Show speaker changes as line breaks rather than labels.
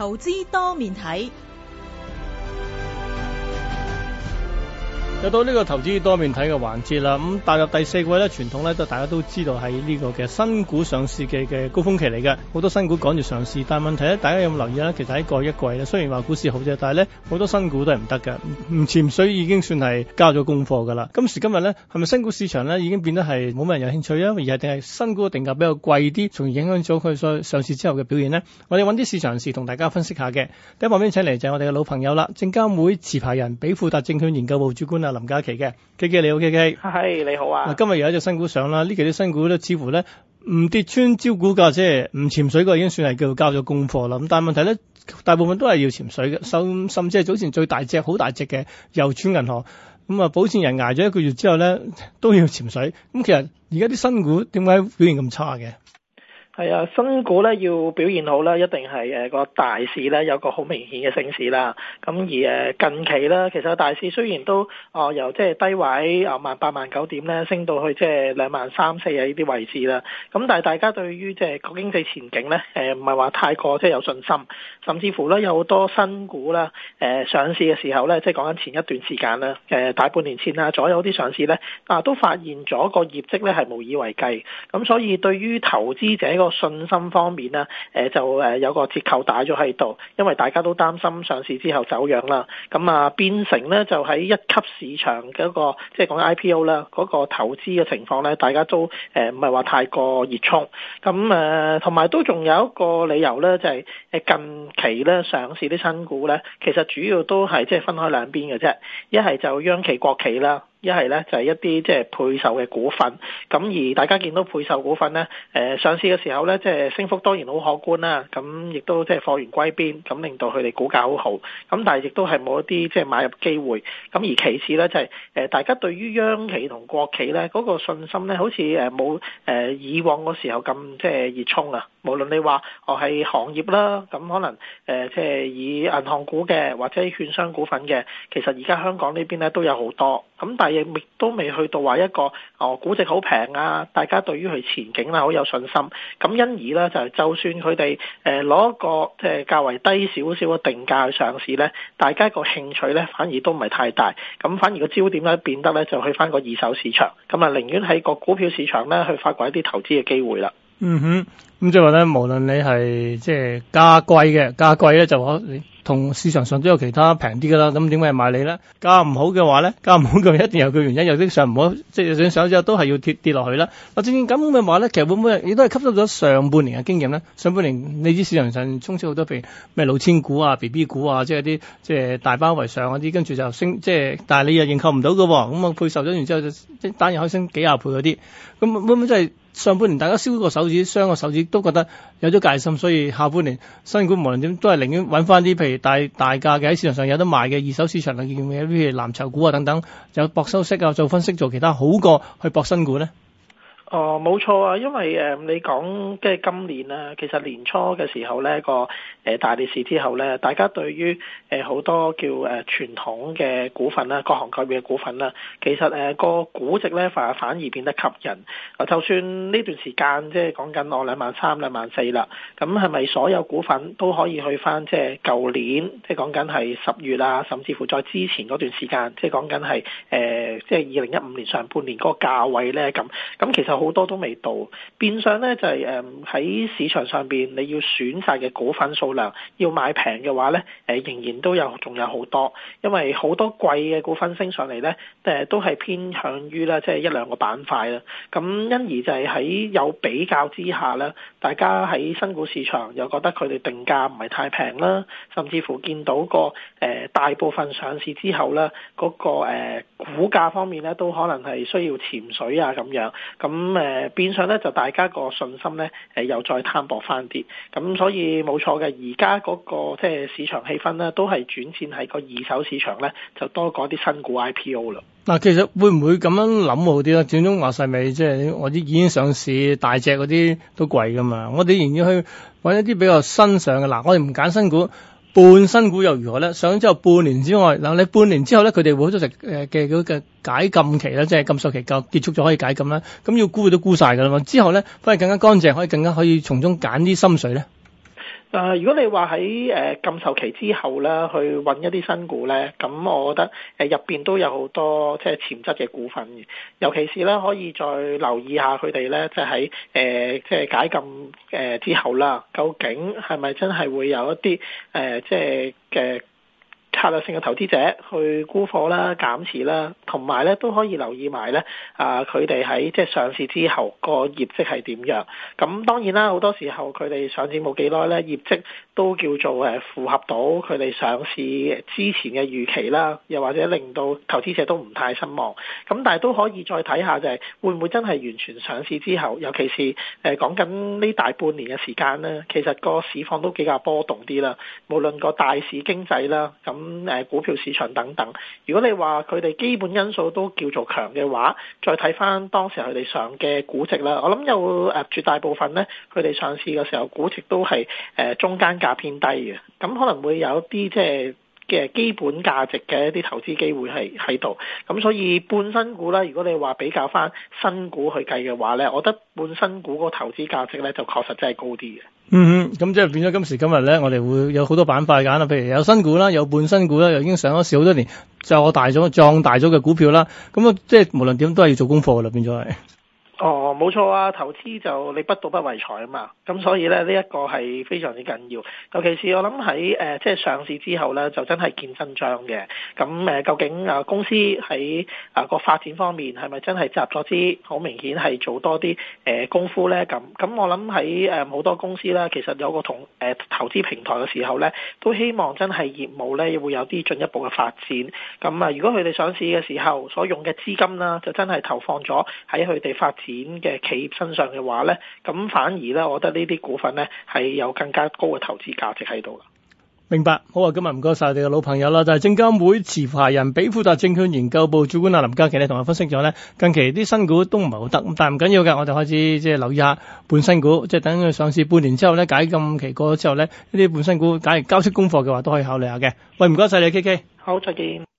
投資多面睇。
又到呢個投資多面睇嘅環節啦，咁踏入第四季咧，傳統咧都大家都知道係呢個嘅新股上市嘅嘅高峰期嚟嘅，好多新股趕住上市，但係問題咧，大家有冇留意咧？其實喺過去一季咧，雖然話股市好啫，但係咧好多新股都係唔得㗎，唔潛水已經算係交咗功課㗎啦。今時今日咧，係咪新股市場咧已經變得係冇乜人有興趣啊？而係定係新股嘅定價比較貴啲，從而影響咗佢所上市之後嘅表現呢？我哋揾啲市場事同大家分析下嘅。第一旁邊請嚟就係我哋嘅老朋友啦，證監會持牌人比富達證券研究部主管啊。林嘉麒嘅 K K 你好 K K，嗨、hey，你好啊！今日有一隻新股上啦，呢期啲新股咧，似乎咧唔跌穿招股價，即係唔潛水個已經算係叫交咗功課啦。咁但係問題咧，大部分都係要潛水嘅，甚甚至係早前最大隻好大隻嘅郵儲銀行，咁啊保薦人捱咗一個月之後咧，都要潛水。咁其實而家啲新股點解表現咁差嘅？
係啊，新股咧要表現好啦，一定係誒個大市咧有個好明顯嘅升市啦。咁而誒近期咧，其實大市雖然都哦由即係低位啊萬八萬九點咧升到去即係兩萬三四啊呢啲位置啦。咁但係大家對於即係個經濟前景咧，誒唔係話太過即係有信心。甚至乎咧有好多新股啦，誒上市嘅時候咧，即係講緊前一段時間啦，誒大半年前啊左右啲上市咧，啊都發現咗個業績咧係無以為繼。咁所以對於投資者個信心方面咧，誒就誒有個折扣打咗喺度，因為大家都擔心上市之後走樣啦。咁啊，變成咧就喺一級市場嗰個即係、就是、講緊 IPO 啦，嗰個投資嘅情況咧，大家都誒唔係話太過熱衷。咁誒同埋都仲有一個理由咧，就係誒近期咧上市啲新股咧，其實主要都係即係分開兩邊嘅啫，一係就央企國企啦。是是一係咧就係一啲即係配售嘅股份，咁而大家見到配售股份咧，誒、呃、上市嘅時候咧，即、就、係、是、升幅當然好可觀啦，咁亦都即係貨源歸邊，咁令到佢哋股價好好，咁但係亦都係冇一啲即係買入機會。咁而其次咧就係、是、誒、呃、大家對於央企同國企咧嗰、那個信心咧，好似誒冇誒以往嗰時候咁即係熱衷啊。無論你話我係行業啦，咁可能誒即係以銀行股嘅或者券商股份嘅，其實而家香港呢邊咧都有好多，咁但亦都未去到話一個哦，估值好平啊，大家對於佢前景啦好有信心，咁因而咧就就算佢哋誒攞一個即係較為低少少嘅定價去上市咧，大家個興趣咧反而都唔係太大，咁反而個焦點咧變得咧就去翻個二手市場，咁啊寧願喺個股票市場咧去發掘一啲投資嘅機會啦。
嗯哼，咁即係話咧，無論你係即係加貴嘅，加貴咧就可同市場上都有其他平啲嘅啦，咁點解買你咧？價唔好嘅話咧，價唔好佢一定有佢原因，有啲上唔好，即係上手之後都係要跌跌落去啦。嗱，正正咁嘅話咧，其實會唔會亦都係吸收咗上半年嘅經驗咧？上半年你知市場上充斥好多譬如咩老千股啊、BB 股啊，即係啲即係大包圍上嗰啲，跟住就升，即係但係你又認購唔到嘅喎，咁、嗯、啊配售咗完之後，即係單日可以升幾廿倍嗰啲，咁會唔會即係上半年大家燒個手指、傷個手指都覺得有咗戒心，所以下半年新股無論點都係寧願揾翻啲譬大大價嘅喺市場上有得賣嘅二手市場嘅咩？譬如藍籌股啊等等，就有搏收息啊，做分析做其他，好過去搏新股咧。
哦，冇錯啊，因為誒你講即係今年啦，其實年初嘅時候咧，個誒大跌市之後咧，大家對於誒好多叫誒傳統嘅股份啦、各行各業嘅股份啦，其實誒個估值咧反反而變得吸引。啊，就算呢段時間即係講緊我兩萬三、兩萬四啦，咁係咪所有股份都可以去翻即係舊年，即係講緊係十月啦，甚至乎再之前嗰段時間，即係講緊係誒即係二零一五年上半年嗰個價位咧咁？咁其實，好多都未到，變相咧就係誒喺市場上邊，你要選擇嘅股份數量，要買平嘅話咧，誒仍然都有仲有好多，因為好多貴嘅股份升上嚟咧，誒都係偏向於咧即係一兩個板塊啦。咁因而就係喺有比較之下咧，大家喺新股市場又覺得佢哋定價唔係太平啦，甚至乎見到個誒、呃、大部分上市之後咧，嗰個誒、呃、股價方面咧都可能係需要潛水啊咁樣咁。咁誒變相咧就大家個信心咧誒又再攤薄翻啲，咁所以冇錯嘅，而家嗰個即係市場氣氛咧都係轉戰喺個二手市場咧就多過啲新股 IPO
啦。嗱，其實會唔會咁樣諗好啲咧？總之話曬咪即係我啲已經上市大隻嗰啲都貴噶嘛，我哋仍然要去揾一啲比較新上嘅。嗱，我哋唔揀新股。半新股又如何呢？上咗之後半年之外，嗱你半年之後呢，佢哋會好多隻誒嘅嗰個解禁期啦，即係禁售期夠結束咗可以解禁啦。咁要沽嘅都沽晒㗎啦嘛。之後呢，反而更加乾淨，可以更加可以從中揀啲心水咧。
啊、呃！如果你話喺誒禁售期之後咧，去揾一啲新股咧，咁我覺得誒入邊都有好多即係潛質嘅股份，尤其是咧可以再留意下佢哋咧，即係喺誒即係解禁誒、呃、之後啦，究竟係咪真係會有一啲誒即係嘅？呃就是策略性嘅投資者去沽貨啦、減持啦，同埋咧都可以留意埋咧啊！佢哋喺即係上市之後個業績係點樣？咁當然啦，好多時候佢哋上市冇幾耐咧，業績都叫做誒符合到佢哋上市之前嘅預期啦，又或者令到投資者都唔太失望。咁但係都可以再睇下，就係會唔會真係完全上市之後，尤其是誒、呃、講緊呢大半年嘅時間咧，其實個市況都比較波動啲啦。無論個大市經濟啦，咁。咁誒、嗯、股票市場等等，如果你話佢哋基本因素都叫做強嘅話，再睇翻當時佢哋上嘅估值啦，我諗有誒、呃、絕大部分咧，佢哋上市嘅時候估值都係誒、呃、中間價偏低嘅，咁可能會有啲即係嘅基本價值嘅一啲投資機會係喺度，咁所以半新股啦，如果你話比較翻新股去計嘅話咧，我覺得半新股個投資價值咧就確實真係高啲嘅。
嗯哼，咁即係變咗今時今日咧，我哋會有好多板塊揀啦，譬如有新股啦，有半新股啦，又已經上咗市好多年，就我大咗壯大咗嘅股票啦，咁啊即係無論點都係要做功課嘅啦，變咗係。
哦，冇錯啊！投資就你不賭不為財啊嘛，咁所以咧呢一、這個係非常之緊要。尤其是我諗喺誒即係上市之後咧，就真係見真章嘅。咁誒究竟啊公司喺啊個發展方面係咪真係集咗資？好明顯係做多啲誒、呃、功夫咧。咁咁我諗喺誒好多公司啦，其實有個同誒、呃、投資平台嘅時候咧，都希望真係業務咧會有啲進一步嘅發展。咁啊，如果佢哋上市嘅時候所用嘅資金啦，就真係投放咗喺佢哋發展。點嘅企業身上嘅話咧，咁反而咧，我覺得呢啲股份咧係有更加高嘅投資價值喺度噶。
明白，好啊！今日唔該晒我哋嘅老朋友啦，就係證監會持牌人比富達證券研究部主管阿林嘉麒咧，同我分析咗咧，近期啲新股都唔係好得，咁但係唔緊要噶，我哋開始即係留意下半新股，即係等佢上市半年之後咧，解禁期過咗之後咧，呢啲半新股假如交出功課嘅話，都可以考慮下嘅。喂，唔該晒你，K K，好，再見。